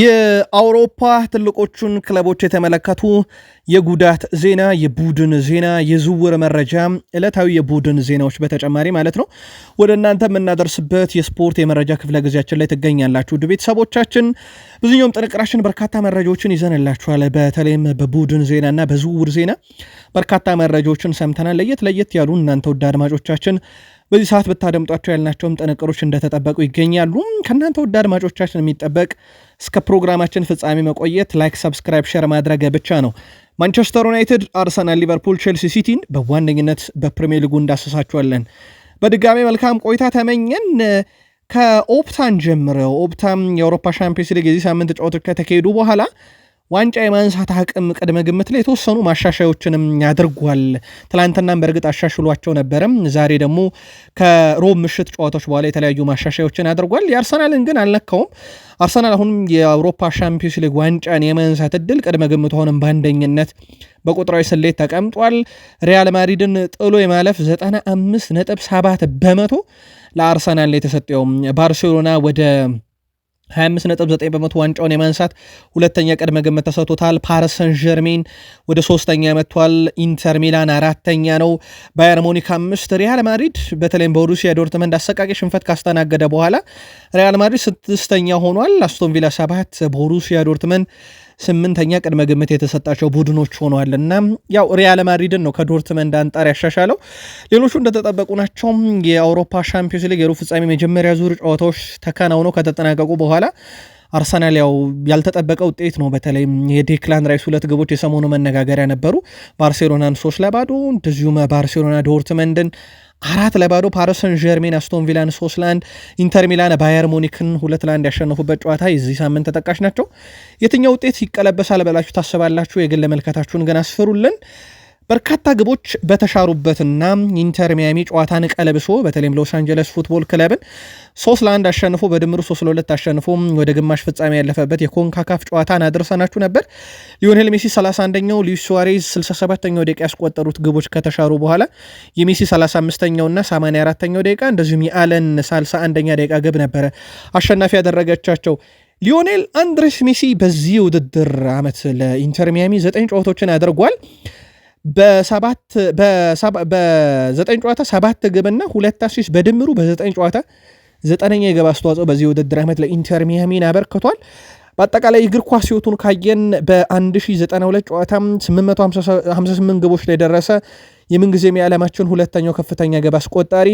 የአውሮፓ ትልቆቹን ክለቦች የተመለከቱ የጉዳት ዜና፣ የቡድን ዜና፣ የዝውውር መረጃ፣ ዕለታዊ የቡድን ዜናዎች በተጨማሪ ማለት ነው ወደ እናንተ የምናደርስበት የስፖርት የመረጃ ክፍለ ጊዜያችን ላይ ትገኛላችሁ። ውድ ቤተሰቦቻችን ብዙኛውም ጥንቅራችን በርካታ መረጃዎችን ይዘንላችኋል። በተለይም በቡድን ዜናና በዝውውር ዜና በርካታ መረጃዎችን ሰምተናል። ለየት ለየት ያሉ እናንተ ውድ አድማጮቻችን በዚህ ሰዓት ብታደምጧቸው ያልናቸውም ጥንቅሮች እንደተጠበቁ ይገኛሉ። ከእናንተ ውድ አድማጮቻችን የሚጠበቅ እስከ ፕሮግራማችን ፍጻሜ መቆየት፣ ላይክ፣ ሰብስክራይብ፣ ሸር ማድረግ ብቻ ነው። ማንቸስተር ዩናይትድ፣ አርሰናል፣ ሊቨርፑል፣ ቼልሲ ሲቲን በዋነኝነት በፕሪሚየር ሊጉ እንዳሰሳቸዋለን። በድጋሚ መልካም ቆይታ ተመኘን። ከኦፕታን ጀምረው ኦፕታም የአውሮፓ ሻምፒዮንስ ሊግ የዚህ ሳምንት ጨዋታዎች ከተካሄዱ በኋላ ዋንጫ የማንሳት አቅም ቅድመ ግምት ላይ የተወሰኑ ማሻሻዮችንም አድርጓል። ትላንትናም በእርግጥ አሻሽሏቸው ነበረም። ዛሬ ደግሞ ከሮብ ምሽት ጨዋታዎች በኋላ የተለያዩ ማሻሻዮችን አድርጓል። የአርሰናልን ግን አልነካውም። አርሰናል አሁንም የአውሮፓ ሻምፒዮንስ ሊግ ዋንጫን የማንሳት እድል ቅድመ ግምት ሆንም በአንደኝነት በቁጥራዊ ስሌት ተቀምጧል። ሪያል ማድሪድን ጥሎ የማለፍ 95.7 በመቶ ለአርሰናል የተሰጠውም ባርሴሎና ወደ 25.9 በመቶ ዋንጫውን የማንሳት ሁለተኛ ቅድመ ግምት ተሰጥቶታል። ፓሪስ ሰን ጀርሜን ወደ ሶስተኛ መጥቷል። ኢንተር ሚላን አራተኛ ነው። ባየር ሙኒክ አምስት። ሪያል ማድሪድ በተለይም በሩሲያ ዶርትመንድ አሰቃቂ ሽንፈት ካስተናገደ በኋላ ሪያል ማድሪድ ስድስተኛ ሆኗል። አስቶን ቪላ ሰባት፣ ቦሩሲያ ዶርትመንድ ስምንተኛ ቅድመ ግምት የተሰጣቸው ቡድኖች ሆነዋል እና ያው ሪያል ማድሪድን ነው ከዶርትመንድ አንጣር ያሻሻለው። ሌሎቹ እንደተጠበቁ ናቸው። የአውሮፓ ሻምፒዮንስ ሊግ የሩብ ፍጻሜ መጀመሪያ ዙር ጨዋታዎች ተከናውነው ከተጠናቀቁ በኋላ አርሰናል ያው ያልተጠበቀ ውጤት ነው። በተለይ የዴክላን ራይስ ሁለት ግቦች የሰሞኑ መነጋገሪያ ነበሩ። ባርሴሎናን ሶስት ለባዶ እንደዚሁም ባርሴሎና ዶርትመንድን አራት ለባዶ ፓሪሰን ዠርሜን አስቶን ቪላን ሶስት ለአንድ ኢንተር ሚላን ባየር ሙኒክን ሁለት ለአንድ ያሸነፉበት ጨዋታ የዚህ ሳምንት ተጠቃሽ ናቸው። የትኛው ውጤት ይቀለበሳል ብላችሁ ታስባላችሁ? የግል መልከታችሁን ግን አስፍሩልን። በርካታ ግቦች በተሻሩበትና ኢንተር ሚያሚ ጨዋታን ቀለብሶ በተለይም ሎስ አንጀለስ ፉትቦል ክለብን ሶስት ለአንድ አሸንፎ በድምሩ ሶስት ለሁለት አሸንፎ ወደ ግማሽ ፍጻሜ ያለፈበት የኮንካካፍ ጨዋታን አድርሰናችሁ ነበር። ሊዮኔል ሜሲ 31ኛው፣ ሉዊስ ሱዋሬዝ 67ኛው ደቂቃ ያስቆጠሩት ግቦች ከተሻሩ በኋላ የሜሲ 35ኛውና 84ኛው ደቂቃ እንደዚሁም የአለን 31ኛ ደቂቃ ግብ ነበረ አሸናፊ ያደረገቻቸው። ሊዮኔል አንድሬስ ሜሲ በዚህ ውድድር ዓመት ለኢንተር ሚያሚ ዘጠኝ ጨዋታዎችን አድርጓል። በዘጠኝ ጨዋታ ሰባት ግብና ሁለት አሲስት በድምሩ በዘጠኝ ጨዋታ ዘጠነኛ የግብ አስተዋጽኦ በዚህ ውድድር ዓመት ለኢንተር ሚያሚን አበርክቷል። በአጠቃላይ እግር ኳስ ሕይወቱን ካየን በ1092 ጨዋታ 858 ግቦች ላይ ደረሰ። የምንጊዜም የዓለማችን ሁለተኛው ከፍተኛ ግብ አስቆጣሪ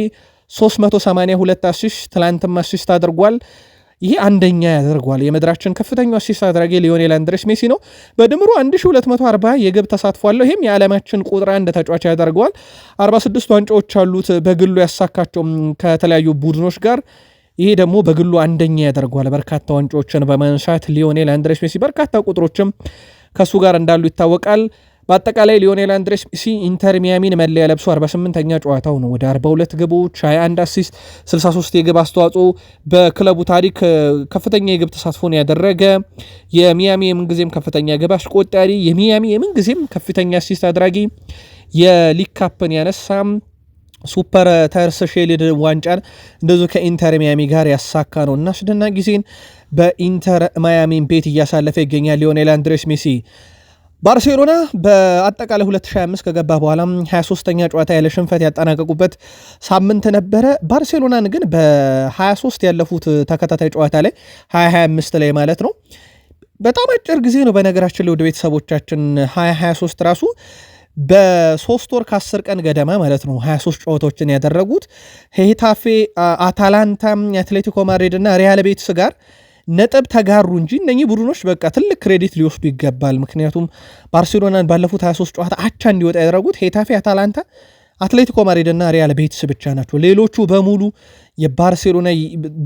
382 አሲስት፣ ትላንትም አሲስት አድርጓል። ይሄ አንደኛ ያደርጓል። የምድራችን ከፍተኛው አሲስት አድራጊ ሊዮኔል አንድሬስ ሜሲ ነው። በድምሩ 1240 የግብ ተሳትፎ አለው። ይህም የዓለማችን ቁጥር አንድ ተጫዋች ያደርገዋል። 46 ዋንጫዎች አሉት በግሉ ያሳካቸው ከተለያዩ ቡድኖች ጋር ይሄ ደግሞ በግሉ አንደኛ ያደርጓል። በርካታ ዋንጫዎችን በመንሳት ሊዮኔል አንድሬስ ሜሲ በርካታ ቁጥሮችም ከእሱ ጋር እንዳሉ ይታወቃል። በአጠቃላይ ሊዮኔል አንድሬስ ሜሲ ኢንተር ሚያሚን መለያ ለብሶ 48ኛ ጨዋታው ነው። ወደ 42 ግቦች፣ 21 አሲስት፣ 63 የግብ አስተዋጽኦ በክለቡ ታሪክ ከፍተኛ የግብ ተሳትፎን ያደረገ የሚያሚ የምንጊዜም ከፍተኛ ግብ አስቆጣሪ፣ የሚያሚ የምንጊዜም ከፍተኛ አሲስት አድራጊ፣ የሊግ ካፕን ያነሳም ሱፐር ተርስ ሼልድ ዋንጫን እንደዙ ከኢንተር ሚያሚ ጋር ያሳካ ነው እና አስደናቂ ጊዜን በኢንተር ማያሚን ቤት እያሳለፈ ይገኛል ሊዮኔል አንድሬስ ሜሲ። ባርሴሎና በአጠቃላይ 2025 ከገባ በኋላ 23ኛ ጨዋታ ያለ ሽንፈት ያጠናቀቁበት ሳምንት ነበረ። ባርሴሎናን ግን በ23 ያለፉት ተከታታይ ጨዋታ ላይ 2025 ላይ ማለት ነው በጣም አጭር ጊዜ ነው። በነገራችን ላይ ወደ ቤተሰቦቻችን 2023 ራሱ በሶስት ወር ከአስር ቀን ገደማ ማለት ነው 23 ጨዋታዎችን ያደረጉት ሄታፌ፣ አታላንታ፣ አትሌቲኮ ማድሪድ እና ሪያል ቤትስ ጋር ነጥብ ተጋሩ እንጂ እነኚህ ቡድኖች በቃ ትልቅ ክሬዲት ሊወስዱ ይገባል። ምክንያቱም ባርሴሎናን ባለፉት 23 ጨዋታ አቻ እንዲወጣ ያደረጉት ሄታፌ፣ አታላንታ፣ አትሌቲኮ ማድሪድና ሪያል ቤትስ ብቻ ናቸው። ሌሎቹ በሙሉ የባርሴሎና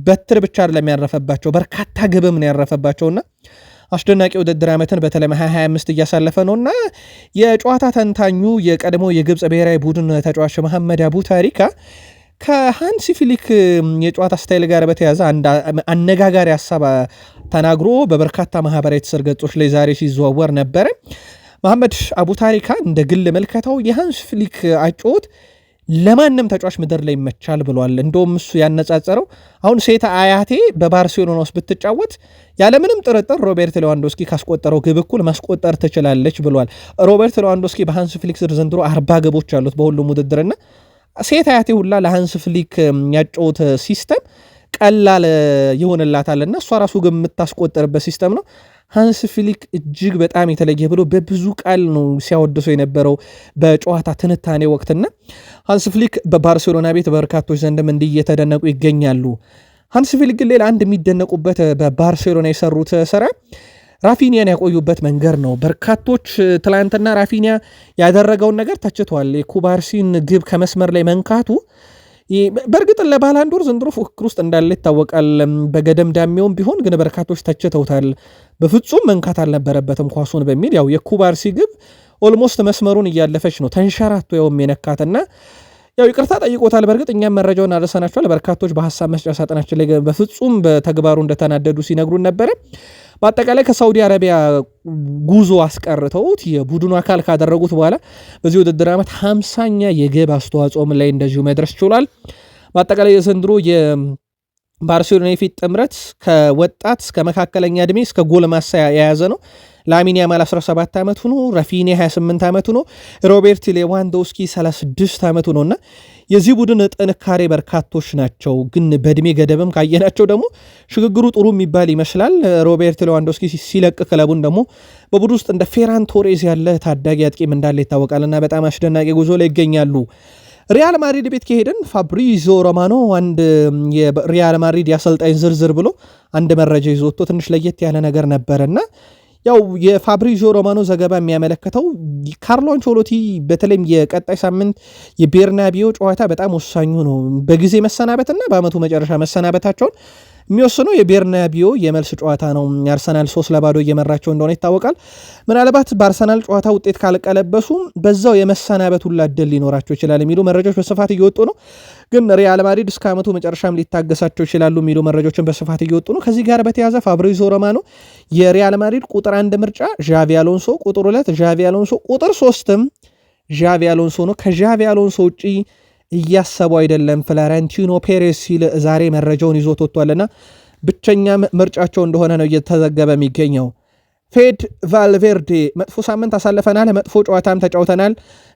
በትር ብቻ አይደለም ያረፈባቸው በርካታ ግብም ነው ያረፈባቸውና አስደናቂ ውድድር ዓመትን በተለይ 2025 እያሳለፈ ነው እና የጨዋታ ተንታኙ የቀድሞ የግብፅ ብሔራዊ ቡድን ተጫዋች መሐመድ አቡ ታሪካ ከሃንሲ ፊሊክ የጨዋታ ስታይል ጋር በተያዘ አነጋጋሪ ሀሳብ ተናግሮ በበርካታ ማህበራዊ ትስስር ገጾች ላይ ዛሬ ሲዘዋወር ነበረ። መሐመድ አቡታሪካ እንደ ግል መልከታው የሃንስ ፍሊክ አጨዋወት ለማንም ተጫዋች ምድር ላይ ይመቻል ብሏል። እንደውም እሱ ያነጻጸረው አሁን ሴት አያቴ በባርሴሎና ውስጥ ብትጫወት ያለምንም ጥርጥር ሮቤርት ሌዋንዶስኪ ካስቆጠረው ግብ እኩል ማስቆጠር ትችላለች ብሏል። ሮቤርት ሌዋንዶስኪ በሃንስ ፍሊክ ስር ዘንድሮ አርባ ግቦች አሉት በሁሉም ውድድርና ሴት አያቴ ሁላ ለሃንስ ፍሊክ ያጨውት ሲስተም ቀላል ይሆንላታል እና እሷ ራሱ ግን የምታስቆጠርበት ሲስተም ነው። ሃንስ ፊሊክ እጅግ በጣም የተለየ ብሎ በብዙ ቃል ነው ሲያወድሰው የነበረው በጨዋታ ትንታኔ ወቅትና ሃንስ ፍሊክ በባርሴሎና ቤት በርካቶች ዘንድም እንዲህ እየተደነቁ ይገኛሉ። ሃንስ ፊሊክ ግን ሌላ አንድ የሚደነቁበት በባርሴሎና የሰሩት ስራ ራፊኒያን ያቆዩበት መንገድ ነው። በርካቶች ትላንትና ራፊኒያ ያደረገውን ነገር ተችቷል። የኩባርሲን ግብ ከመስመር ላይ መንካቱ በእርግጥ ለባላንዶር ዘንድሮ ፉክክር ውስጥ እንዳለ ይታወቃል። በገደም ዳሜውም ቢሆን ግን በርካቶች ተችተውታል። በፍጹም መንካት አልነበረበትም ኳሱን በሚል ያው የኩባርሲ ግብ ኦልሞስት መስመሩን እያለፈች ነው ተንሸራቶ ያውም የነካትና ያው ይቅርታ ጠይቆታል። በእርግጥ እኛም መረጃውን አደረሰናችኋል። በርካቶች በሀሳብ መስጫ ሳጥናችን ላይ በፍጹም በተግባሩ እንደተናደዱ ሲነግሩን ነበረ። በአጠቃላይ ከሳውዲ አረቢያ ጉዞ አስቀርተውት የቡድኑ አካል ካደረጉት በኋላ በዚህ ውድድር ዓመት ሀምሳኛ የግብ አስተዋጽኦም ላይ እንደዚሁ መድረስ ችሏል። በአጠቃላይ የዘንድሮ የባርሴሎና የፊት ጥምረት ከወጣት እስከ መካከለኛ እድሜ እስከ ጎልማሳ የያዘ ነው። ላሚን ያማል 17 ዓመቱ ነው። ረፊኒ 28 ዓመቱ ነው። ሮቤርት ሌዋንዶውስኪ 36 ዓመቱ ነው እና የዚህ ቡድን ጥንካሬ በርካቶች ናቸው። ግን በእድሜ ገደብም ካየናቸው ደግሞ ሽግግሩ ጥሩ የሚባል ይመስላል። ሮቤርት ሌዋንዶስኪ ሲለቅ ክለቡን ደግሞ በቡድን ውስጥ እንደ ፌራን ቶሬዝ ያለ ታዳጊ አጥቂም እንዳለ ይታወቃልና በጣም አስደናቂ ጉዞ ላይ ይገኛሉ። ሪያል ማድሪድ ቤት ከሄደን ፋብሪዞ ሮማኖ አንድ የሪያል ማድሪድ የአሰልጣኝ ዝርዝር ብሎ አንድ መረጃ ይዞ ወጥቶ ትንሽ ለየት ያለ ነገር ነበረና ያው የፋብሪዞ ሮማኖ ዘገባ የሚያመለክተው ካርሎ አንቾሎቲ በተለይም የቀጣይ ሳምንት የቤርናቢዮ ጨዋታ በጣም ወሳኙ ነው። በጊዜ መሰናበትና በአመቱ መጨረሻ መሰናበታቸውን የሚወስነው የቤርናቢዮ የመልስ ጨዋታ ነው። አርሰናል ሶስት ለባዶ እየመራቸው እንደሆነ ይታወቃል። ምናልባት በአርሰናል ጨዋታ ውጤት ካልቀለበሱ በዛው የመሰናበት ሁላ እድል ሊኖራቸው ይችላል የሚሉ መረጃዎች በስፋት እየወጡ ነው። ግን ሪያል ማድሪድ እስከ ዓመቱ መጨረሻም ሊታገሳቸው ይችላሉ የሚሉ መረጃዎችን በስፋት እየወጡ ነው። ከዚህ ጋር በተያዘ ፋብሪዞ ሮማኖ የሪያል ማድሪድ ቁጥር አንድ ምርጫ ዣቪ አሎንሶ፣ ቁጥር ሁለት ዣቪ አሎንሶ፣ ቁጥር ሶስትም ዣቪ አሎንሶ ነው። ከዣቪ አሎንሶ ውጪ እያሰቡ አይደለም ፍላረንቲኖ ፔሬስ ሲል ዛሬ መረጃውን ይዞት ወጥቷልና ብቸኛም ምርጫቸው እንደሆነ ነው እየተዘገበ የሚገኘው። ፌድ ቫልቬርዴ መጥፎ ሳምንት አሳልፈናል፣ መጥፎ ጨዋታም ተጫውተናል።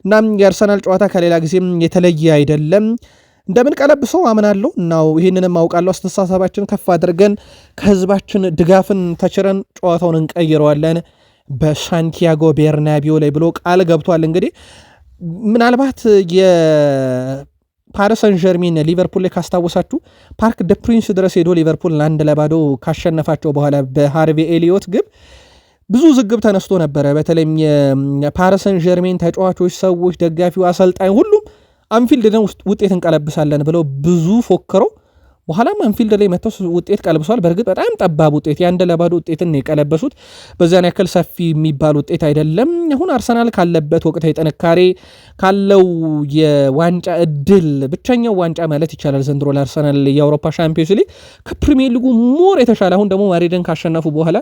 እናም የአርሰናል ጨዋታ ከሌላ ጊዜም የተለየ አይደለም እንደምን ቀለብሶ አምናለሁ እናው ይህንንም አውቃለሁ። አስተሳሰባችን ከፍ አድርገን ከህዝባችን ድጋፍን ተችረን ጨዋታውን እንቀይረዋለን በሳንቲያጎ ቤርናቢዮ ላይ ብሎ ቃል ገብቷል። እንግዲህ ምናልባት የፓሪሰን ጀርሜን ሊቨርፑል ላይ ካስታወሳችሁ ፓርክ ደ ፕሪንስ ድረስ ሄዶ ሊቨርፑል ለአንድ ለባዶ ካሸነፋቸው በኋላ በሃርቬ ኤሊዮት ግብ ብዙ ዝግብ ተነስቶ ነበረ። በተለይም የፓሪሰን ጀርሜን ተጫዋቾች፣ ሰዎች፣ ደጋፊው፣ አሰልጣኝ ሁሉም አንፊልድ ነው ውጤት እንቀለብሳለን ብለው ብዙ ፎክረው በኋላም አንፊልድ ላይ መጥተው ውጤት ቀልብሰዋል። በእርግጥ በጣም ጠባብ ውጤት የአንድ ለባዶ ውጤትን የቀለበሱት በዚያን ያክል ሰፊ የሚባል ውጤት አይደለም። አሁን አርሰናል ካለበት ወቅታዊ ጥንካሬ ካለው የዋንጫ እድል ብቸኛው ዋንጫ ማለት ይቻላል ዘንድሮ ለአርሰናል የአውሮፓ ሻምፒዮንስ ሊግ ከፕሪሚየር ሊጉ ሞር የተሻለ አሁን ደግሞ ማድሪድን ካሸነፉ በኋላ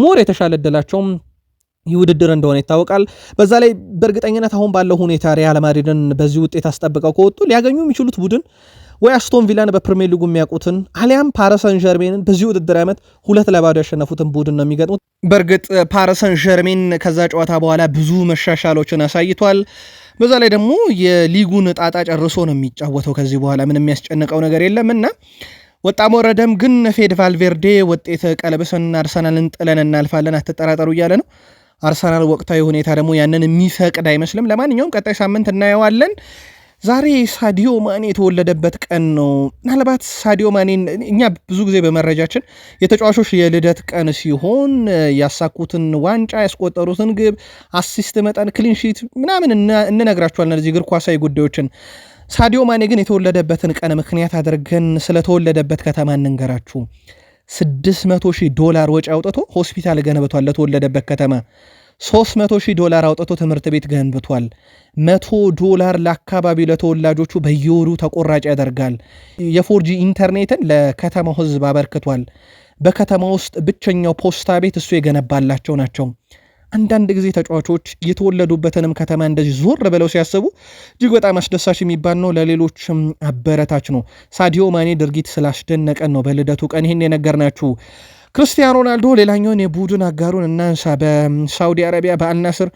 ሞር የተሻለ እድላቸውም ይህ ውድድር እንደሆነ ይታወቃል። በዛ ላይ በእርግጠኝነት አሁን ባለው ሁኔታ ሪያል ማድሪድን በዚህ ውጤት አስጠብቀው ከወጡ ሊያገኙ የሚችሉት ቡድን ወይ አስቶን ቪላን በፕሪሚየር ሊጉ የሚያውቁትን አሊያም ፓረሰን ጀርሜንን በዚህ ውድድር ዓመት ሁለት ለባዶ ያሸነፉትን ቡድን ነው የሚገጥሙት። በእርግጥ ፓረሰን ጀርሜን ከዛ ጨዋታ በኋላ ብዙ መሻሻሎችን አሳይቷል። በዛ ላይ ደግሞ የሊጉን ጣጣ ጨርሶ ነው የሚጫወተው። ከዚህ በኋላ ምን የሚያስጨንቀው ነገር የለም እና ወጣም ወረደም ግን ፌድ ቫልቬርዴ ውጤት ቀለብሰን አርሰናልን ጥለን እናልፋለን አትጠራጠሩ እያለ ነው። አርሰናል ወቅታዊ ሁኔታ ደግሞ ያንን የሚፈቅድ አይመስልም። ለማንኛውም ቀጣይ ሳምንት እናየዋለን። ዛሬ ሳዲዮ ማኔ የተወለደበት ቀን ነው። ምናልባት ሳዲዮ ማኔን እኛ ብዙ ጊዜ በመረጃችን የተጫዋቾች የልደት ቀን ሲሆን ያሳኩትን ዋንጫ፣ ያስቆጠሩትን ግብ፣ አሲስት መጠን፣ ክሊንሺት ምናምን እንነግራችኋለን እነዚህ እግር ኳሳዊ ጉዳዮችን። ሳዲዮ ማኔ ግን የተወለደበትን ቀን ምክንያት አድርገን ስለተወለደበት ከተማ እንንገራችሁ። 600 ሺህ ዶላር ወጪ አውጥቶ ሆስፒታል ገንብቷል ለተወለደበት ከተማ 300 ሺህ ዶላር አውጥቶ ትምህርት ቤት ገንብቷል። መቶ ዶላር ለአካባቢ ለተወላጆቹ በየወሩ ተቆራጭ ያደርጋል። የፎርጂ ኢንተርኔትን ለከተማው ህዝብ አበርክቷል። በከተማ ውስጥ ብቸኛው ፖስታ ቤት እሱ የገነባላቸው ናቸው። አንዳንድ ጊዜ ተጫዋቾች የተወለዱበትንም ከተማ እንደዚህ ዞር ብለው ሲያስቡ እጅግ በጣም አስደሳች የሚባል ነው፣ ለሌሎችም አበረታች ነው። ሳዲዮ ማኔ ድርጊት ስላስደነቀን ነው በልደቱ ቀን ይህን የነገርናችሁ። ክርስቲያኖ ሮናልዶ ሌላኛውን የቡድን አጋሩን እናንሳ። በሳውዲ አረቢያ በአልናስር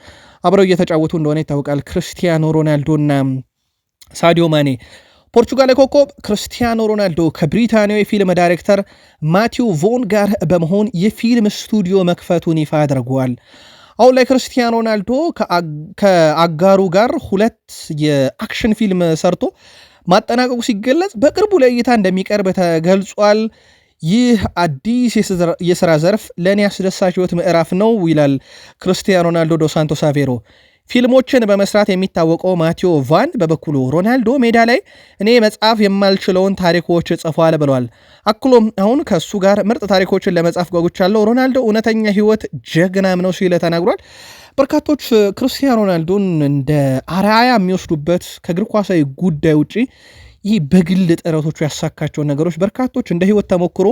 አብረው እየተጫወቱ እንደሆነ ይታወቃል። ክርስቲያኖ እና ሳዲዮ ማኔ ፖርቹጋል ኮከብ ክርስቲያኖ ሮናልዶ ከብሪታንያው የፊልም ዳይሬክተር ማቲው ቮን ጋር በመሆን የፊልም ስቱዲዮ መክፈቱን ይፋ አድርጓል። አሁን ላይ ክርስቲያኖ ሮናልዶ ከአጋሩ ጋር ሁለት የአክሽን ፊልም ሰርቶ ማጠናቀቁ ሲገለጽ በቅርቡ ለእይታ እንደሚቀርብ ተገልጿል። ይህ አዲስ የስራ ዘርፍ ለእኔ አስደሳች ህይወት ምዕራፍ ነው ይላል ክርስቲያን ሮናልዶ ዶ ሳንቶስ አቬሮ። ፊልሞችን በመስራት የሚታወቀው ማቴዎ ቫን በበኩሉ ሮናልዶ ሜዳ ላይ እኔ መጻፍ የማልችለውን ታሪኮች ጽፏል ብሏል። አክሎም አሁን ከእሱ ጋር ምርጥ ታሪኮችን ለመጻፍ ጓጉቻለሁ፣ ሮናልዶ እውነተኛ ህይወት ጀግናም ነው ሲል ተናግሯል። በርካቶች ክርስቲያን ሮናልዶን እንደ አርአያ የሚወስዱበት ከእግር ኳሳዊ ጉዳይ ውጪ ይህ በግል ጥረቶቹ ያሳካቸውን ነገሮች በርካቶች እንደ ህይወት ተሞክሮ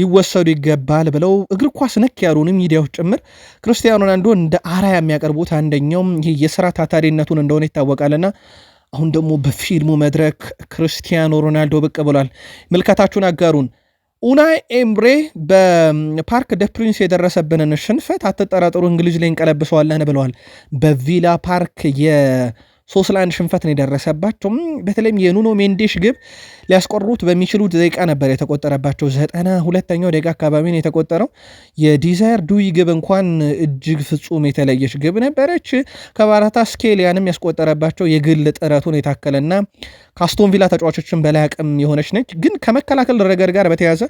ሊወሰዱ ይገባል ብለው እግር ኳስ ነክ ያሉንም ሚዲያዎች ጭምር ክርስቲያኖ ሮናልዶ እንደ አርአያ የሚያቀርቡት አንደኛውም ይህ የስራ ታታሪነቱን እንደሆነ ይታወቃልና አሁን ደግሞ በፊልሙ መድረክ ክርስቲያኖ ሮናልዶ ብቅ ብሏል። ምልከታችሁን አጋሩን። ኡናይ ኤምሬ በፓርክ ደ ፕሪንስ የደረሰብንን ሽንፈት አትጠራጠሩ፣ እንግሊዝ ላይ እንቀለብሰዋለን ብለዋል። በቪላ ፓርክ የ ሶስት ለአንድ ሽንፈት ነው የደረሰባቸው። በተለይም የኑኖ ሜንዴሽ ግብ ሊያስቆሩት በሚችሉ ደቂቃ ነበር የተቆጠረባቸው። ዘጠና ሁለተኛው ደቂቃ አካባቢ ነው የተቆጠረው። የዲዛይር ዱይ ግብ እንኳን እጅግ ፍጹም የተለየች ግብ ነበረች። ከባራታ ስኬሊያንም ያስቆጠረባቸው የግል ጥረቱን የታከለና ቪላ ተጫዋቾችን በላይ አቅም የሆነች ነች። ግን ከመከላከል ረገድ ጋር በተያያዘ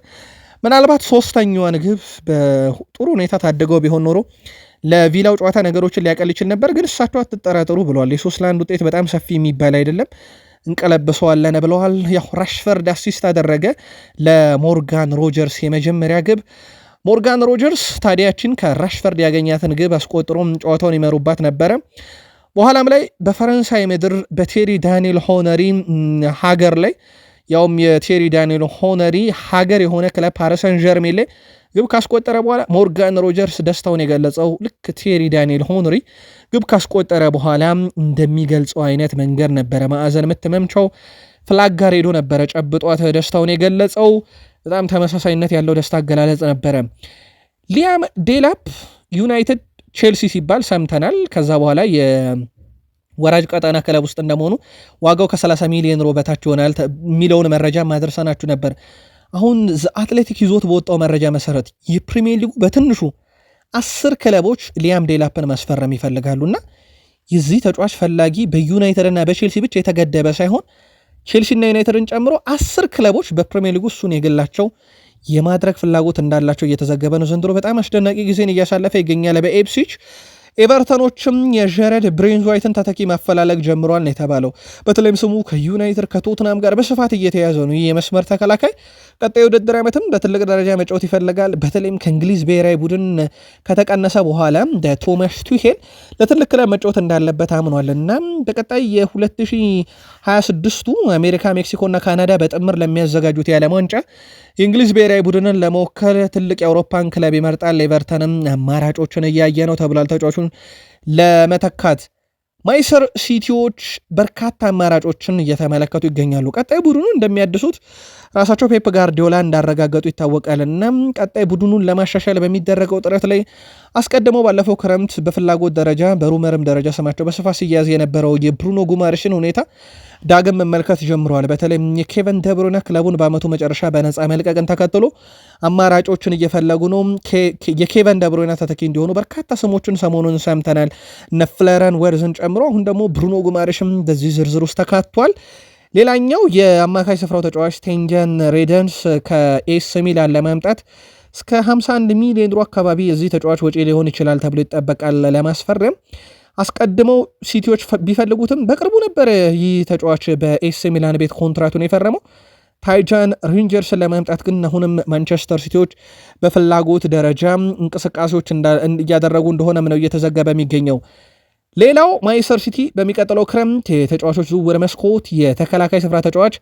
ምናልባት ሶስተኛዋን ግብ በጥሩ ሁኔታ ታድገው ቢሆን ኖሮ ለቪላው ጨዋታ ነገሮችን ሊያቀል ይችል ነበር፣ ግን እሳቸው አትጠራጠሩ ብለዋል። የሶስት ለአንድ ውጤት በጣም ሰፊ የሚባል አይደለም እንቀለብሰዋለን ብለዋል። ያው ራሽፈርድ አሲስት አደረገ ለሞርጋን ሮጀርስ የመጀመሪያ ግብ። ሞርጋን ሮጀርስ ታዲያችን ከራሽፈርድ ያገኛትን ግብ አስቆጥሮም ጨዋታውን ይመሩባት ነበረ። በኋላም ላይ በፈረንሳይ ምድር በቴሪ ዳንኤል ሆነሪ ሀገር ላይ ያውም የቴሪ ዳንኤል ሆነሪ ሀገር የሆነ ክለብ ፓሪስ ሰን ላይ ግብ ካስቆጠረ በኋላ ሞርጋን ሮጀርስ ደስታውን የገለጸው ልክ ቴሪ ዳንኤል ሆንሪ ግብ ካስቆጠረ በኋላ እንደሚገልጸው አይነት መንገድ ነበረ። ማዕዘን ምት መምቻው ፍላግ ጋር ሄዶ ነበረ ጨብጧት ደስታውን የገለጸው በጣም ተመሳሳይነት ያለው ደስታ አገላለጽ ነበረ። ሊያም ዴላፕ ዩናይትድ ቼልሲ ሲባል ሰምተናል። ከዛ በኋላ ወራጅ ቀጠና ክለብ ውስጥ እንደመሆኑ ዋጋው ከ30 ሚሊዮን ሮ በታች ይሆናል የሚለውን መረጃ ማድረሰናችሁ ነበር። አሁን አትሌቲክ ይዞት በወጣው መረጃ መሰረት የፕሪሚየር ሊጉ በትንሹ አስር ክለቦች ሊያም ዴላፕን ማስፈረም ይፈልጋሉና የዚህ ተጫዋች ፈላጊ በዩናይትድ እና በቼልሲ ብቻ የተገደበ ሳይሆን ቼልሲና ዩናይትድን ጨምሮ አስር ክለቦች በፕሪሚየር ሊጉ እሱን የግላቸው የማድረግ ፍላጎት እንዳላቸው እየተዘገበ ነው። ዘንድሮ በጣም አስደናቂ ጊዜን እያሳለፈ ይገኛል በኤፕሲች። ኤቨርተኖችም የጀረድ ብሬንዝ ዋይትን ተተኪ ማፈላለግ ጀምሯል ነው የተባለው። በተለይም ስሙ ከዩናይትድ ከቶትናም ጋር በስፋት እየተያዘ ነው። ይህ የመስመር ተከላካይ ቀጣይ ውድድር ዓመትም በትልቅ ደረጃ መጫወት ይፈልጋል። በተለይም ከእንግሊዝ ብሔራዊ ቡድን ከተቀነሰ በኋላ ቶማስ ቱሄል ለትልቅ ክለብ መጫወት እንዳለበት አምኗል እና በቀጣይ የ2026ቱ አሜሪካ ሜክሲኮ ካናዳ በጥምር ለሚያዘጋጁት የዓለም ዋንጫ የእንግሊዝ ብሔራዊ ቡድንን ለመወከል ትልቅ የአውሮፓን ክለብ ይመርጣል። ኤቨርተንም አማራጮችን እያየ ነው ተብሏል ተጫዋቹን ለመተካት ማይሰር ሲቲዎች በርካታ አማራጮችን እየተመለከቱ ይገኛሉ። ቀጣይ ቡድኑ እንደሚያድሱት ራሳቸው ፔፕ ጋርዲዮላ እንዳረጋገጡ እና ቀጣይ ቡድኑን ለማሻሻል በሚደረገው ጥረት ላይ አስቀድመው ባለፈው ክረምት በፍላጎት ደረጃ በሩመርም ደረጃ ስማቸው በስፋት ሲያያዝ የነበረው የብሩኖ ጉማርሽን ሁኔታ ዳግም መመልከት ጀምረዋል። በተለይ የኬቨን ደብሮነ ክለቡን በአመቱ መጨረሻ በነጻ መልቀቅን ተከትሎ አማራጮችን እየፈለጉ ነው። የኬቨን ደብሮነ ተተኪ እንዲሆኑ በርካታ ስሞችን ሰሞኑን ሰምተናል። ነፍለረን ወርዝን ጨምሮ አሁን ደግሞ ብሩኖ ጉማሬሽም በዚህ ዝርዝር ውስጥ ተካቷል። ሌላኛው የአማካይ ስፍራው ተጫዋች ቴንጀን ሬደንስ ከኤስ ሚላን ለማምጣት እስከ 51 ሚሊዮን ዩሮ አካባቢ እዚህ ተጫዋች ወጪ ሊሆን ይችላል ተብሎ ይጠበቃል ለማስፈረም አስቀድመው ሲቲዎች ቢፈልጉትም በቅርቡ ነበር ይህ ተጫዋች በኤስ ሚላን ቤት ኮንትራቱን የፈረመው። ታይጃን ሬንጀርስን ለማምጣት ግን አሁንም ማንቸስተር ሲቲዎች በፍላጎት ደረጃ እንቅስቃሴዎች እያደረጉ እንደሆነም ነው እየተዘገበ የሚገኘው። ሌላው ማንቸስተር ሲቲ በሚቀጥለው ክረምት የተጫዋቾች ዝውውር መስኮት የተከላካይ ስፍራ ተጫዋች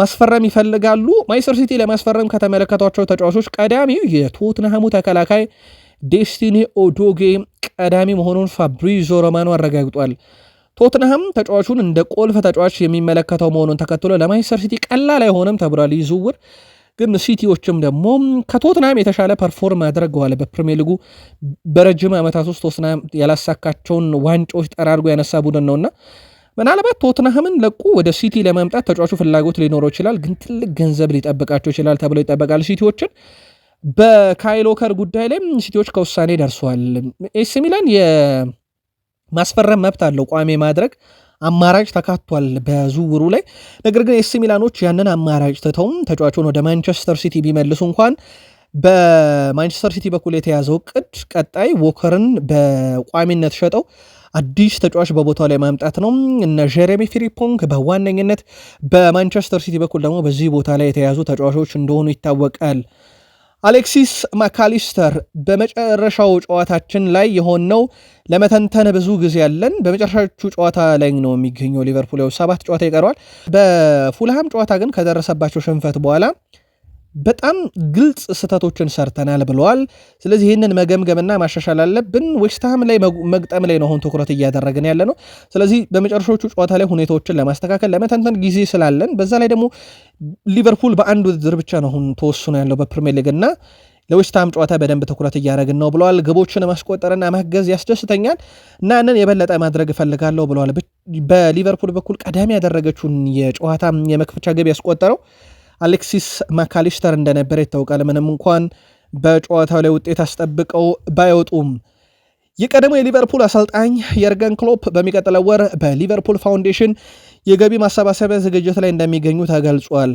ማስፈረም ይፈልጋሉ። ማንቸስተር ሲቲ ለማስፈረም ከተመለከቷቸው ተጫዋቾች ቀዳሚው የቶትንሃሙ ተከላካይ ዴስቲኒ ኦዶጌ ቀዳሚ መሆኑን ፋብሪዞ ሮማኖ አረጋግጧል። ቶትንሃም ተጫዋቹን እንደ ቁልፍ ተጫዋች የሚመለከተው መሆኑን ተከትሎ ለማንቸስተር ሲቲ ቀላል አይሆንም ተብሏል። ይህ ዝውውር ግን ሲቲዎችም ደግሞ ከቶትናም የተሻለ ፐርፎርም አድርገዋል። በፕሪሚየር ሊጉ በረጅም ዓመታት ውስጥ ቶትናም ያላሳካቸውን ዋንጫዎች ጠራርጎ ያነሳ ቡድን ነውና ምናልባት ቶትናሃምን ለቁ ወደ ሲቲ ለማምጣት ተጫዋቹ ፍላጎት ሊኖረው ይችላል፣ ግን ትልቅ ገንዘብ ሊጠብቃቸው ይችላል ተብሎ ይጠበቃል ሲቲዎችን በካይል ወከር ጉዳይ ላይ ሲቲዎች ከውሳኔ ደርሰዋል ኤሲ ሚላን የማስፈረም መብት አለው ቋሚ ማድረግ አማራጭ ተካቷል በዝውውሩ ላይ። ነገር ግን ኤሲ ሚላኖች ያንን አማራጭ ትተውም ተጫዋቹን ወደ ማንቸስተር ሲቲ ቢመልሱ እንኳን በማንቸስተር ሲቲ በኩል የተያዘው እቅድ ቀጣይ ዎከርን በቋሚነት ሸጠው አዲስ ተጫዋች በቦታው ላይ ማምጣት ነው። እነ ጀሬሚ ፊሪፖንግ በዋነኝነት በማንቸስተር ሲቲ በኩል ደግሞ በዚህ ቦታ ላይ የተያዙ ተጫዋቾች እንደሆኑ ይታወቃል። አሌክሲስ ማካሊስተር በመጨረሻው ጨዋታችን ላይ የሆነው ለመተንተን ብዙ ጊዜ ያለን በመጨረሻዎቹ ጨዋታ ላይ ነው የሚገኘው። ሊቨርፑል ሰባት ጨዋታ ይቀረዋል። በፉልሃም ጨዋታ ግን ከደረሰባቸው ሽንፈት በኋላ በጣም ግልጽ ስህተቶችን ሰርተናል ብለዋል። ስለዚህ ይህንን መገምገምና ማሻሻል አለብን። ዌስትሃም ላይ መግጠም ላይ ነው አሁን ትኩረት እያደረግን ያለ ነው። ስለዚህ በመጨረሻዎቹ ጨዋታ ላይ ሁኔታዎችን ለማስተካከል ለመተንተን ጊዜ ስላለን፣ በዛ ላይ ደግሞ ሊቨርፑል በአንድ ውድድር ብቻ ነው አሁን ተወስኖ ያለው በፕሪሚየር ሊግ እና ለዌስትሃም ጨዋታ በደንብ ትኩረት እያደረግን ነው ብለዋል። ግቦችን ማስቆጠርና ማገዝ ያስደስተኛል እና ያንን የበለጠ ማድረግ እፈልጋለሁ ብለዋል። በሊቨርፑል በኩል ቀዳሚ ያደረገችውን የጨዋታ የመክፈቻ ግብ ያስቆጠረው አሌክሲስ ማካሊስተር እንደነበረ ይታወቃል። ምንም እንኳን በጨዋታው ላይ ውጤት አስጠብቀው ባይወጡም የቀድሞ የሊቨርፑል አሰልጣኝ የርገን ክሎፕ በሚቀጥለው ወር በሊቨርፑል ፋውንዴሽን የገቢ ማሰባሰቢያ ዝግጅት ላይ እንደሚገኙ ተገልጿል።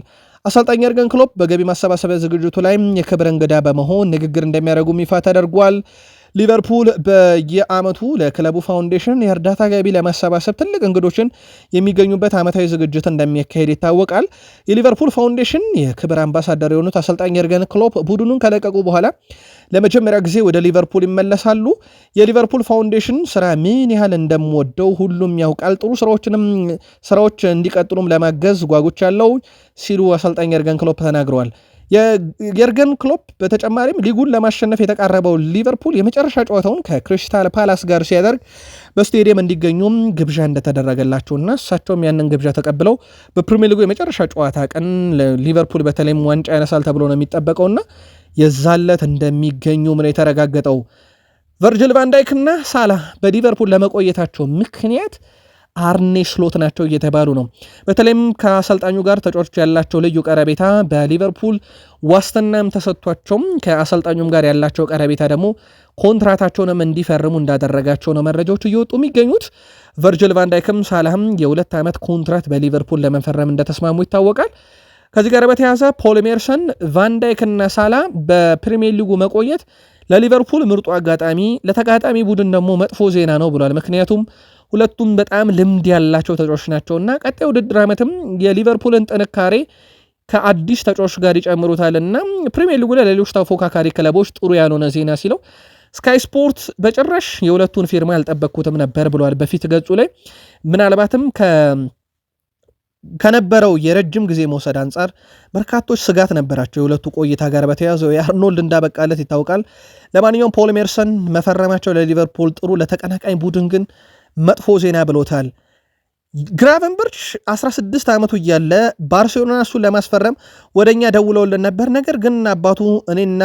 አሰልጣኝ የርገን ክሎፕ በገቢ ማሰባሰቢያ ዝግጅቱ ላይም የክብር እንግዳ በመሆን ንግግር እንደሚያደርጉም ይፋ ተደርጓል። ሊቨርፑል በየዓመቱ ለክለቡ ፋውንዴሽን የእርዳታ ገቢ ለማሰባሰብ ትልቅ እንግዶችን የሚገኙበት ዓመታዊ ዝግጅት እንደሚያካሄድ ይታወቃል። የሊቨርፑል ፋውንዴሽን የክብር አምባሳደር የሆኑት አሰልጣኝ የርገን ክሎፕ ቡድኑን ከለቀቁ በኋላ ለመጀመሪያ ጊዜ ወደ ሊቨርፑል ይመለሳሉ። የሊቨርፑል ፋውንዴሽን ስራ ምን ያህል እንደምወደው ሁሉም ያውቃል። ጥሩ ስራዎችንም ስራዎች እንዲቀጥሉም ለማገዝ ጓጉች ያለው ሲሉ አሰልጣኝ የርገን ክሎፕ ተናግረዋል። የየርገን ክሎፕ በተጨማሪም ሊጉን ለማሸነፍ የተቃረበው ሊቨርፑል የመጨረሻ ጨዋታውን ከክሪስታል ፓላስ ጋር ሲያደርግ በስቴዲየም እንዲገኙም ግብዣ እንደተደረገላቸውና እሳቸውም ያንን ግብዣ ተቀብለው በፕሪሚየር ሊጉ የመጨረሻ ጨዋታ ቀን ሊቨርፑል በተለይም ዋንጫ ያነሳል ተብሎ ነው የሚጠበቀውና የዛለት እንደሚገኙ ነው የተረጋገጠው። ቨርጅል ቫንዳይክና ሳላ በሊቨርፑል ለመቆየታቸው ምክንያት አርኔ ሽሎት ናቸው እየተባሉ ነው። በተለይም ከአሰልጣኙ ጋር ተጫዋቾች ያላቸው ልዩ ቀረቤታ በሊቨርፑል ዋስትናም ተሰጥቷቸውም ከአሰልጣኙም ጋር ያላቸው ቀረቤታ ደግሞ ኮንትራታቸውንም እንዲፈርሙ እንዳደረጋቸው ነው መረጃዎች እየወጡ የሚገኙት። ቨርጅል ቫንዳይክም ሳላህም የሁለት ዓመት ኮንትራት በሊቨርፑል ለመፈረም እንደተስማሙ ይታወቃል። ከዚህ ጋር በተያያዘ ፖል ሜርሰን፣ ቫንዳይክና ሳላ በፕሪሚየር ሊጉ መቆየት ለሊቨርፑል ምርጡ አጋጣሚ፣ ለተጋጣሚ ቡድን ደግሞ መጥፎ ዜና ነው ብሏል። ምክንያቱም ሁለቱም በጣም ልምድ ያላቸው ተጫዋቾች ናቸውና ቀጣይ ውድድር ዓመትም የሊቨርፑልን ጥንካሬ ከአዲስ ተጫዋች ጋር ይጨምሩታልና ፕሪሚየር ሊጉ ለሌሎች ተፎካካሪ ክለቦች ጥሩ ያልሆነ ዜና ሲለው ስካይ ስፖርት በጭራሽ የሁለቱን ፊርማ ያልጠበቅኩትም ነበር ብለዋል። በፊት ገጹ ላይ ምናልባትም ከነበረው የረጅም ጊዜ መውሰድ አንጻር በርካቶች ስጋት ነበራቸው የሁለቱ ቆይታ ጋር በተያዘው የአርኖልድ እንዳበቃለት ይታወቃል። ለማንኛውም ፖል ሜርሰን መፈረማቸው ለሊቨርፑል ጥሩ፣ ለተቀናቃኝ ቡድን ግን መጥፎ ዜና ብሎታል። ግራቨንበርች 16 ዓመቱ እያለ ባርሴሎና እሱን ለማስፈረም ወደ እኛ ደውለውልን ነበር። ነገር ግን አባቱ እኔና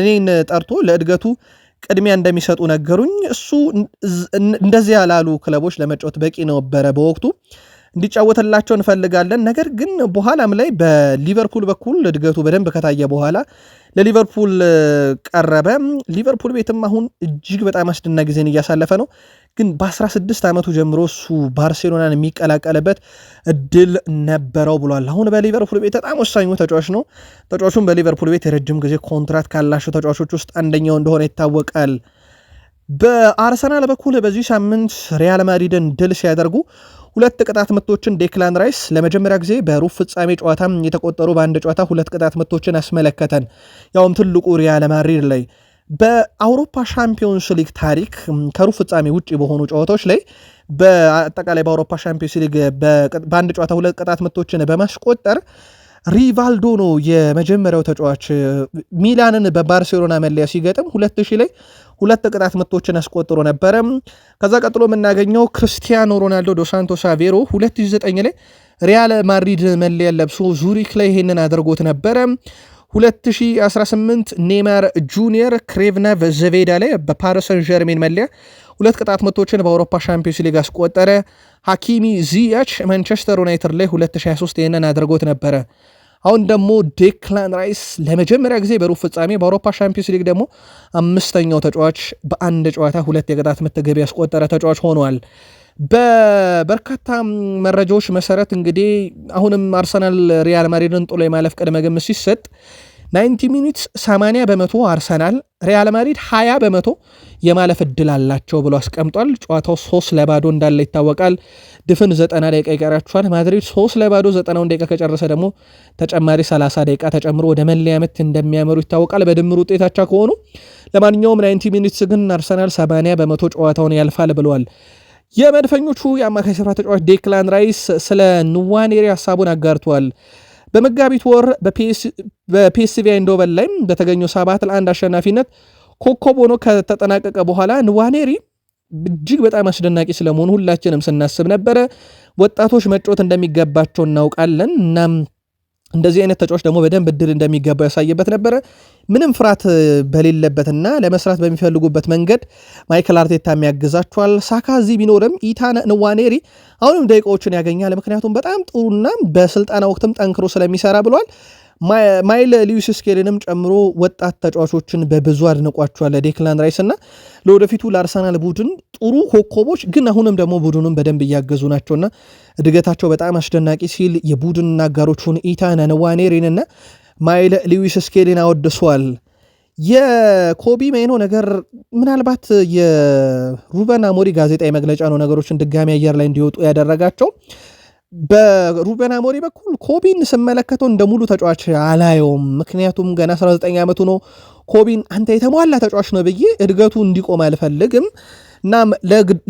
እኔን ጠርቶ ለእድገቱ ቅድሚያ እንደሚሰጡ ነገሩኝ። እሱ እንደዚያ ላሉ ክለቦች ለመጫወት በቂ ነበረ በወቅቱ እንዲጫወትላቸው እንፈልጋለን። ነገር ግን በኋላም ላይ በሊቨርፑል በኩል እድገቱ በደንብ ከታየ በኋላ ለሊቨርፑል ቀረበ። ሊቨርፑል ቤትም አሁን እጅግ በጣም አስደና ጊዜን እያሳለፈ ነው። ግን በ16 ዓመቱ ጀምሮ እሱ ባርሴሎናን የሚቀላቀልበት እድል ነበረው ብሏል። አሁን በሊቨርፑል ቤት በጣም ወሳኙ ተጫዋች ነው። ተጫዋቹም በሊቨርፑል ቤት የረጅም ጊዜ ኮንትራት ካላቸው ተጫዋቾች ውስጥ አንደኛው እንደሆነ ይታወቃል። በአርሰናል በኩል በዚህ ሳምንት ሪያል ማድሪድን ድል ሲያደርጉ ሁለት ቅጣት ምቶችን ዴክላን ራይስ ለመጀመሪያ ጊዜ በሩብ ፍጻሜ ጨዋታ የተቆጠሩ በአንድ ጨዋታ ሁለት ቅጣት ምቶችን አስመለከተን። ያውም ትልቁ ሪያል ማድሪድ ላይ በአውሮፓ ሻምፒዮንስ ሊግ ታሪክ ከሩብ ፍጻሜ ውጭ በሆኑ ጨዋታዎች ላይ በአጠቃላይ በአውሮፓ ሻምፒዮንስ ሊግ በአንድ ጨዋታ ሁለት ቅጣት ምቶችን በማስቆጠር ሪቫልዶ ነው የመጀመሪያው ተጫዋች። ሚላንን በባርሴሎና መለያ ሲገጥም 2000 ላይ ሁለት ቅጣት ምቶችን አስቆጥሮ ነበረ። ከዛ ቀጥሎ የምናገኘው ክርስቲያኖ ሮናልዶ ዶ ሳንቶስ አቬሮ 2009 ላይ ሪያል ማድሪድ መለያ ለብሶ ዙሪክ ላይ ይሄንን አድርጎት ነበረ። 2018 ኔማር ጁኒየር ክሬቭና ዘቬዳ ላይ በፓሪሰን ጀርሜን መለያ ሁለት ቅጣት ምቶችን በአውሮፓ ሻምፒዮንስ ሊግ አስቆጠረ። ሐኪሚ ዚያች ማንቸስተር ዩናይትድ ላይ 2023 ይህንን አድርጎት ነበረ። አሁን ደግሞ ዴክላን ራይስ ለመጀመሪያ ጊዜ በሩብ ፍጻሜ በአውሮፓ ሻምፒዮንስ ሊግ ደግሞ አምስተኛው ተጫዋች በአንድ ጨዋታ ሁለት የቅጣት ምት ግብ ያስቆጠረ ተጫዋች ሆኗል። በበርካታ መረጃዎች መሰረት እንግዲህ አሁንም አርሰናል ሪያል ማድሪድን ጥሎ የማለፍ ቅድመ ግምት ሲሰጥ 90 ሚኒትስ 80 በመቶ አርሰናል፣ ሪያል ማድሪድ 20 በመቶ የማለፍ እድል አላቸው ብሎ አስቀምጧል። ጨዋታው ሶስት ለባዶ እንዳለ ይታወቃል። ድፍን ዘጠና ደቂቃ ይቀራችኋል። ማድሪድ ሶስት ለባዶ ዘጠናውን ደቂቃ ከጨረሰ ደግሞ ተጨማሪ 30 ደቂቃ ተጨምሮ ወደ መለያ ምት እንደሚያመሩ ይታወቃል። በድምር ውጤታቻ ከሆኑ ለማንኛውም ናይንቲ ሚኒትስ ግን አርሰናል 80 በመቶ ጨዋታውን ያልፋል ብለዋል። የመድፈኞቹ የአማካይ ስፍራ ተጫዋች ዴክላን ራይስ ስለ ንዋኔሪ ሀሳቡን አጋርተዋል። በመጋቢት ወር በፒኤስቪ አይንዶቨን ላይም በተገኘው ሰባት ለአንድ አሸናፊነት ኮከብ ሆኖ ከተጠናቀቀ በኋላ ንዋኔሪ እጅግ በጣም አስደናቂ ስለመሆኑ ሁላችንም ስናስብ ነበረ። ወጣቶች መጫወት እንደሚገባቸው እናውቃለን። እናም እንደዚህ አይነት ተጫዋች ደግሞ በደንብ እድል እንደሚገባው ያሳየበት ነበረ። ምንም ፍርሃት በሌለበትና ለመስራት በሚፈልጉበት መንገድ ማይክል አርቴታም ያግዛቸዋል። ሳካ እዚህ ቢኖርም ኢታን ንዋኔሪ አሁንም ደቂቃዎችን ያገኛል። ምክንያቱም በጣም ጥሩና በስልጠና ወቅትም ጠንክሮ ስለሚሰራ ብሏል። ማይል ሊዊስ ስኬልንም ጨምሮ ወጣት ተጫዋቾችን በብዙ አድንቋቸዋል። ዴክላን ራይስ እና ለወደፊቱ ለአርሰናል ቡድን ጥሩ ኮከቦች ግን አሁንም ደግሞ ቡድኑን በደንብ እያገዙ ናቸውና እድገታቸው በጣም አስደናቂ ሲል የቡድን አጋሮቹን ኢታን ንዋኔሪንና ማይል ሊዊስ ስኬልን አወድሷል። የኮቢ ሜኖ ነገር ምናልባት የሩበን አሞሪ ጋዜጣ መግለጫ ነው ነገሮችን ድጋሚ አየር ላይ እንዲወጡ ያደረጋቸው። በሩበን አሞሪ በኩል ኮቢን ስመለከተው እንደ ሙሉ ተጫዋች አላየውም። ምክንያቱም ገና 19 ዓመቱ ነው። ኮቢን አንተ የተሟላ ተጫዋች ነው ብዬ እድገቱ እንዲቆም አልፈልግም እና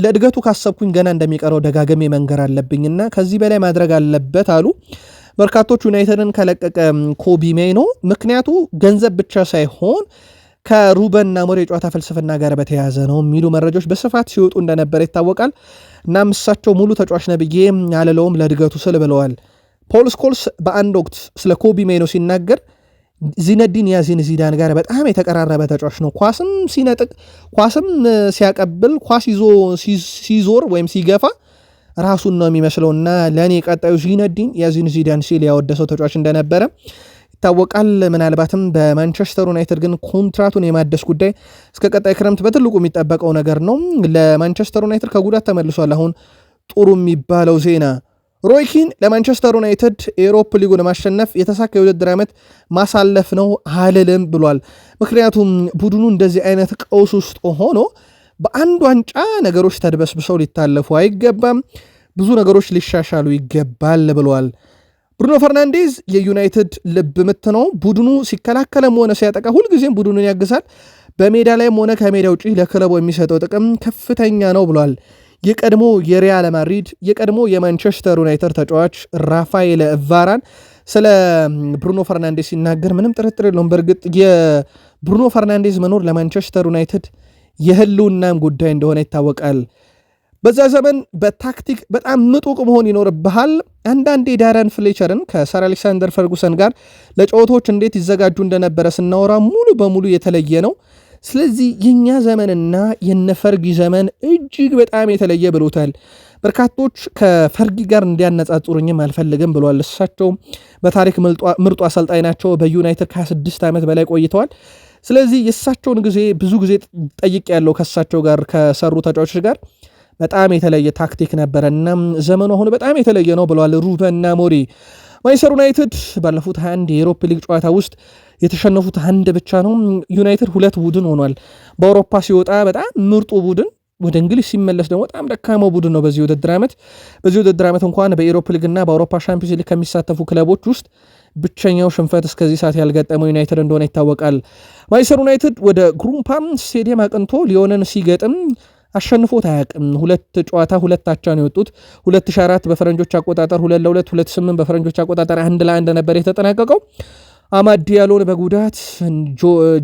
ለእድገቱ ካሰብኩኝ ገና እንደሚቀረው ደጋግሜ መንገር አለብኝና ከዚህ በላይ ማድረግ አለበት አሉ በርካቶች። ዩናይትድን ከለቀቀ ኮቢ ሜይ ነው። ምክንያቱ ገንዘብ ብቻ ሳይሆን ከሩበን አሞሪ የጨዋታ ፍልስፍና ጋር በተያያዘ ነው የሚሉ መረጃዎች በስፋት ሲወጡ እንደነበረ ይታወቃል። እናም እሳቸው ሙሉ ተጫዋች ነብዬ ያለለውም ለእድገቱ ስል ብለዋል። ፖል ስኮልስ በአንድ ወቅት ስለ ኮቢ ሜኖ ሲናገር ዚነዲን ያዚን ዚዳን ጋር በጣም የተቀራረበ ተጫዋች ነው። ኳስም ሲነጥቅ፣ ኳስም ሲያቀብል፣ ኳስ ይዞ ሲዞር ወይም ሲገፋ ራሱን ነው እና ለእኔ ቀጣዩ ዚነዲን ያዚን ዚዳን ሲል ያወደሰው ተጫዋች እንደነበረ ይታወቃል። ምናልባትም በማንቸስተር ዩናይትድ ግን ኮንትራቱን የማደስ ጉዳይ እስከ ቀጣይ ክረምት በትልቁ የሚጠበቀው ነገር ነው። ለማንቸስተር ዩናይትድ ከጉዳት ተመልሷል። አሁን ጥሩ የሚባለው ዜና ሮይኪን ለማንቸስተር ዩናይትድ ኤሮፕ ሊጉ ለማሸነፍ የተሳካ የውድድር ዓመት ማሳለፍ ነው አልልም ብሏል። ምክንያቱም ቡድኑ እንደዚህ አይነት ቀውስ ውስጥ ሆኖ በአንድ ዋንጫ ነገሮች ተድበስብሰው ሊታለፉ አይገባም፣ ብዙ ነገሮች ሊሻሻሉ ይገባል ብሏል። ብሩኖ ፈርናንዴዝ የዩናይትድ ልብ ምት ነው። ቡድኑ ሲከላከልም ሆነ ሲያጠቃ ሁልጊዜም ቡድኑን ያግዛል። በሜዳ ላይም ሆነ ከሜዳ ውጪ ለክለቡ የሚሰጠው ጥቅም ከፍተኛ ነው ብሏል። የቀድሞ የሪያል ማድሪድ የቀድሞ የማንቸስተር ዩናይትድ ተጫዋች ራፋኤል ቫራን ስለ ብሩኖ ፈርናንዴዝ ሲናገር ምንም ጥርጥር የለውም። በእርግጥ የብሩኖ ፈርናንዴዝ መኖር ለማንቸስተር ዩናይትድ የህልውናም ጉዳይ እንደሆነ ይታወቃል። በዛ ዘመን በታክቲክ በጣም ምጡቅ መሆን ይኖርብሃል። አንዳንዴ ዳረን ፍሌቸርን ከሰር አሌክሳንደር ፈርጉሰን ጋር ለጨዋታዎች እንዴት ይዘጋጁ እንደነበረ ስናወራ ሙሉ በሙሉ የተለየ ነው። ስለዚህ የእኛ ዘመንና የነፈርጊ ዘመን እጅግ በጣም የተለየ ብሎታል። በርካቶች ከፈርጊ ጋር እንዲያነጻጽሩኝም አልፈልግም ብሏል። እሳቸው በታሪክ ምርጡ አሰልጣኝ ናቸው። በዩናይትድ ከ26 ዓመት በላይ ቆይተዋል። ስለዚህ የእሳቸውን ጊዜ ብዙ ጊዜ ጠይቅ ያለው ከእሳቸው ጋር ከሰሩ ተጫዋቾች ጋር በጣም የተለየ ታክቲክ ነበረና ዘመኑ አሁን በጣም የተለየ ነው ብለዋል ሩበን አሞሪም። ማንቸስተር ዩናይትድ ባለፉት 21 የኤሮፕ ሊግ ጨዋታ ውስጥ የተሸነፉት አንድ ብቻ ነው። ዩናይትድ ሁለት ቡድን ሆኗል። በአውሮፓ ሲወጣ በጣም ምርጡ ቡድን፣ ወደ እንግሊዝ ሲመለስ ደግሞ በጣም ደካማው ቡድን ነው። በዚህ ውድድር ዓመት በዚህ ውድድር ዓመት እንኳን በኤሮፕ ሊግና በአውሮፓ ሻምፒዮንስ ሊግ ከሚሳተፉ ክለቦች ውስጥ ብቸኛው ሽንፈት እስከዚህ ሰዓት ያልገጠመው ዩናይትድ እንደሆነ ይታወቃል። ማንቸስተር ዩናይትድ ወደ ግሩምፓም ስቴዲየም አቅንቶ ሊዮንን ሲገጥም አሸንፎት አያውቅም። ሁለት ጨዋታ ሁለት አቻ ነው የወጡት። 2004 በፈረንጆች አቆጣጠር 2 ለ2፣ 28 በፈረንጆች አቆጣጠር አንድ ለ1 ነበር የተጠናቀቀው። አማድ ያሎን በጉዳት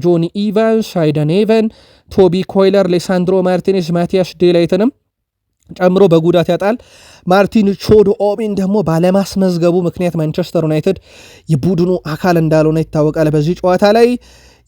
ጆኒ ኢቫንስ፣ አይደን ኤቨን፣ ቶቢ ኮይለር፣ ሌሳንድሮ ማርቲኔዝ፣ ማቲያስ ዴላይትንም ጨምሮ በጉዳት ያጣል። ማርቲን ቾዶ ኦሚን ደግሞ ባለማስመዝገቡ ምክንያት ማንቸስተር ዩናይትድ የቡድኑ አካል እንዳልሆነ ይታወቃል። በዚህ ጨዋታ ላይ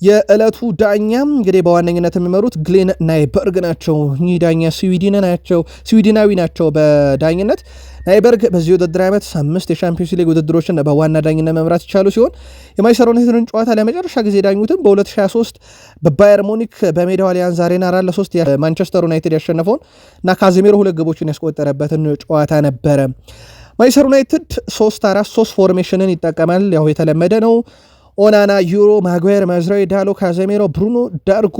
የዕለቱ ዳኛ እንግዲህ በዋነኝነት የሚመሩት ግሌን ናይበርግ ናቸው። እኚህ ዳኛ ስዊድን ናቸው ስዊድናዊ ናቸው በዳኝነት ናይበርግ በዚህ ውድድር ዓመት አምስት የሻምፒዮንስ ሊግ ውድድሮችን በዋና ዳኝነት መምራት ይቻሉ ሲሆን የማንቸስተር ዩናይትድን ጨዋታ ለመጨረሻ ጊዜ ዳኙትም በ2023 በባየር ሞኒክ በሜዳው አሊያንዝ አሬና አራት ለሶስት ማንቸስተር ዩናይትድ ያሸነፈውን እና ካዜሜሮ ሁለት ግቦችን ያስቆጠረበትን ጨዋታ ነበረ። ማንቸስተር ዩናይትድ 3 4 3 ፎርሜሽንን ይጠቀማል። ያው የተለመደ ነው። ኦናና፣ ዩሮ፣ ማጓየር፣ ማዝራዊ፣ ዳሎ፣ ካዘሜሮ፣ ብሩኖ፣ ዳርጉ፣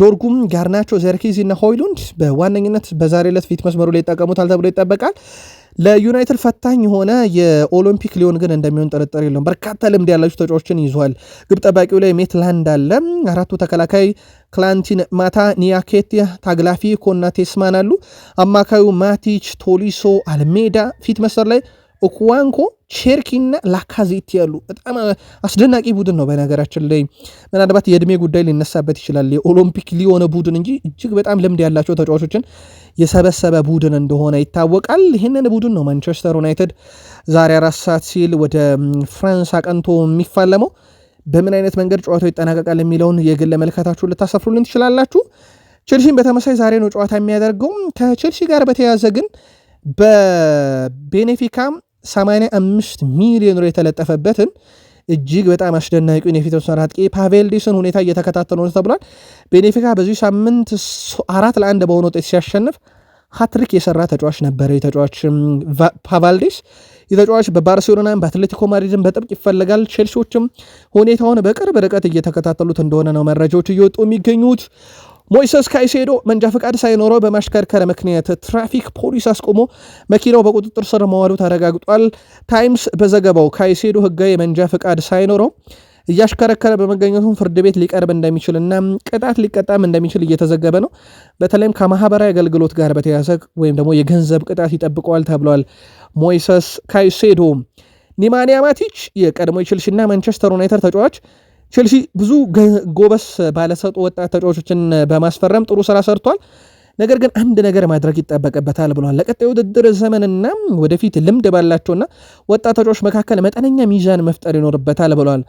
ዶርጉም፣ ጋርናቾ፣ ዘርኪዚ እና ሆይሉንድ በዋነኝነት በዛሬ ዕለት ፊት መስመሩ ላይ ይጠቀሙታል ተብሎ ይጠበቃል። ለዩናይትድ ፈታኝ የሆነ የኦሎምፒክ ሊሆን ግን እንደሚሆን ጥርጥር የለውም። በርካታ ልምድ ያላቸው ተጫዋቾችን ይዟል። ግብ ጠባቂው ላይ ሜትላንድ አለ። አራቱ ተከላካይ ክላንቲን ማታ፣ ኒያኬት፣ ታግላፊ ኮና ቴስማን አሉ። አማካዩ ማቲች፣ ቶሊሶ፣ አልሜዳ ፊት መስመር ላይ እኩዋንኮ ቼርኪና ላካዜት ያሉ በጣም አስደናቂ ቡድን ነው። በነገራችን ላይ ምናልባት የእድሜ ጉዳይ ሊነሳበት ይችላል። የኦሎምፒክ ሊሆነ ቡድን እንጂ እጅግ በጣም ልምድ ያላቸው ተጫዋቾችን የሰበሰበ ቡድን እንደሆነ ይታወቃል። ይህንን ቡድን ነው ማንቸስተር ዩናይትድ ዛሬ አራት ሰዓት ሲል ወደ ፍራንስ አቀንቶ የሚፋለመው። በምን አይነት መንገድ ጨዋታው ይጠናቀቃል የሚለውን የግል መልካታችሁን ልታሰፍሩልን ትችላላችሁ። ቼልሲን በተመሳይ ዛሬ ነው ጨዋታ የሚያደርገው። ከቼልሲ ጋር በተያያዘ ግን በቤኔፊካ 85 ሚሊዮን ዩሮ የተለጠፈበትን እጅግ በጣም አስደናቂውን የፊት መስመር አጥቂ ፓቬል ዲስን ሁኔታ እየተከታተሉ ነው ተብሏል። ቤኔፊካ በዚህ ሳምንት አራት ለአንድ በሆነ ውጤት ሲያሸንፍ ሀትሪክ የሰራ ተጫዋች ነበረ። የተጫዋች ፓቫልዴስ የተጫዋች በባርሴሎና በአትሌቲኮ ማድሪድም በጥብቅ ይፈለጋል። ቼልሲዎችም ሁኔታውን በቅርብ ርቀት እየተከታተሉት እንደሆነ ነው መረጃዎች እየወጡ የሚገኙት። ሞይሰስ ካይሴዶ መንጃ ፈቃድ ሳይኖረው በማሽከርከር ምክንያት ትራፊክ ፖሊስ አስቆሞ መኪናው በቁጥጥር ስር መዋሉ ተረጋግጧል። ታይምስ በዘገባው ካይሴዶ ህጋዊ መንጃ ፈቃድ ሳይኖረው እያሽከረከረ በመገኘቱም ፍርድ ቤት ሊቀርብ እንደሚችልና ቅጣት ሊቀጣም እንደሚችል እየተዘገበ ነው። በተለይም ከማህበራዊ አገልግሎት ጋር በተያያዘ ወይም ደግሞ የገንዘብ ቅጣት ይጠብቀዋል ተብሏል። ሞይሰስ ካይሴዶ ኒማንያ ማቲች የቀድሞ ቼልሲና ማንቸስተር ዩናይትድ ተጫዋች ቼልሲ ብዙ ጎበስ ባለሰጡ ወጣት ተጫዋቾችን በማስፈረም ጥሩ ስራ ሰርቷል። ነገር ግን አንድ ነገር ማድረግ ይጠበቅበታል ብለዋል። ለቀጣይ ውድድር ዘመንና ወደፊት ልምድ ባላቸውና ወጣት ተጫዋቾች መካከል መጠነኛ ሚዛን መፍጠር ይኖርበታል ብሏል።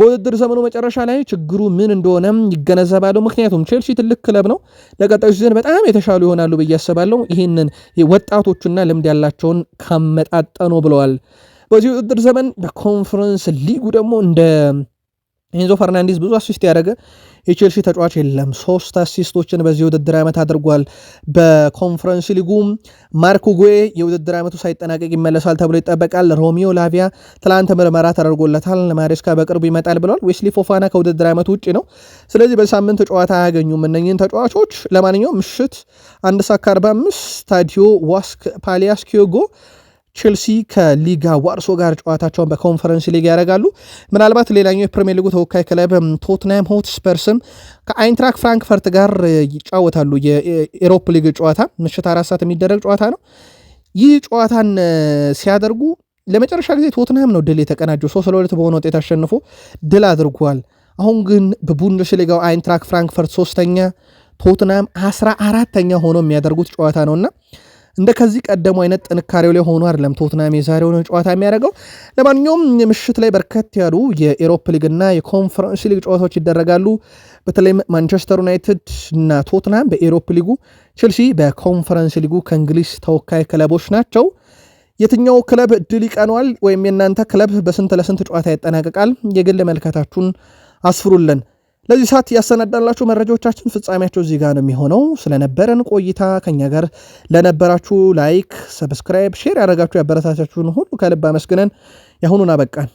በውድድር ዘመኑ መጨረሻ ላይ ችግሩ ምን እንደሆነ ይገነዘባሉ። ምክንያቱም ቼልሲ ትልቅ ክለብ ነው። ለቀጣዩ ሲዘን በጣም የተሻሉ ይሆናሉ ብዬ አስባለሁ። ይህንን ወጣቶቹና ልምድ ያላቸውን ካመጣጠኑ ብለዋል። በዚህ ውድድር ዘመን በኮንፈረንስ ሊጉ ደግሞ እንደ ኤንዞ ፈርናንዴዝ ብዙ አሲስት ያደረገ የቼልሲ ተጫዋች የለም። ሶስት አሲስቶችን በዚህ የውድድር ዓመት አድርጓል። በኮንፈረንስ ሊጉም ማርኮ ጎዌ የውድድር ዓመቱ ሳይጠናቀቅ ይመለሳል ተብሎ ይጠበቃል። ሮሚዮ ላቪያ ትላንት ምርመራ ተደርጎለታል። ማሬስካ በቅርቡ ይመጣል ብለዋል። ዌስሊ ፎፋና ከውድድር ዓመቱ ውጭ ነው። ስለዚህ በሳምንት ጨዋታ አያገኙም እነኝን ተጫዋቾች። ለማንኛውም ምሽት አንድ ሳካ 45 ስታዲዮ ዋስክ ፓሊያስ ኪዮጎ ቼልሲ ከሊጋ ዋርሶ ጋር ጨዋታቸውን በኮንፈረንስ ሊግ ያደርጋሉ። ምናልባት ሌላኛው የፕሪሚየር ሊጉ ተወካይ ክለብ ቶትናም ሆትስፐርስም ከአይንትራክ ፍራንክፈርት ጋር ይጫወታሉ። የኤሮፕ ሊግ ጨዋታ ምሽት አራት ሰዓት የሚደረግ ጨዋታ ነው። ይህ ጨዋታን ሲያደርጉ ለመጨረሻ ጊዜ ቶትናም ነው ድል የተቀናጀው። ሶስት ለሁለት በሆነ ውጤት አሸንፎ ድል አድርጓል። አሁን ግን ሊጋው አይንትራክ ፍራንክፈርት ሶስተኛ፣ ቶትናም አስራ አራተኛ ሆኖ የሚያደርጉት ጨዋታ ነውና እንደ ከዚህ ቀደሙ አይነት ጥንካሬው ላይ ሆኖ አይደለም ቶትናም የዛሬውን ጨዋታ የሚያደርገው። ለማንኛውም ምሽት ላይ በርከት ያሉ የኤሮፕ ሊግና የኮንፈረንስ ሊግ ጨዋታዎች ይደረጋሉ። በተለይም ማንቸስተር ዩናይትድ እና ቶትናም በኤሮፕ ሊጉ፣ ቼልሲ በኮንፈረንስ ሊጉ ከእንግሊዝ ተወካይ ክለቦች ናቸው። የትኛው ክለብ ድል ይቀኗል ወይም የእናንተ ክለብ በስንት ለስንት ጨዋታ ይጠናቀቃል? የግል መልከታችሁን አስፍሩልን። ለዚህ ሰዓት ያሰናዳላችሁ መረጃዎቻችን ፍጻሜያቸው እዚህ ጋር ነው የሚሆነው። ስለነበረን ቆይታ ከኛ ጋር ለነበራችሁ ላይክ፣ ሰብስክራይብ፣ ሼር ያደረጋችሁ ያበረታቻችሁን ሁሉ ከልብ አመስግነን ያሁኑን አበቃን።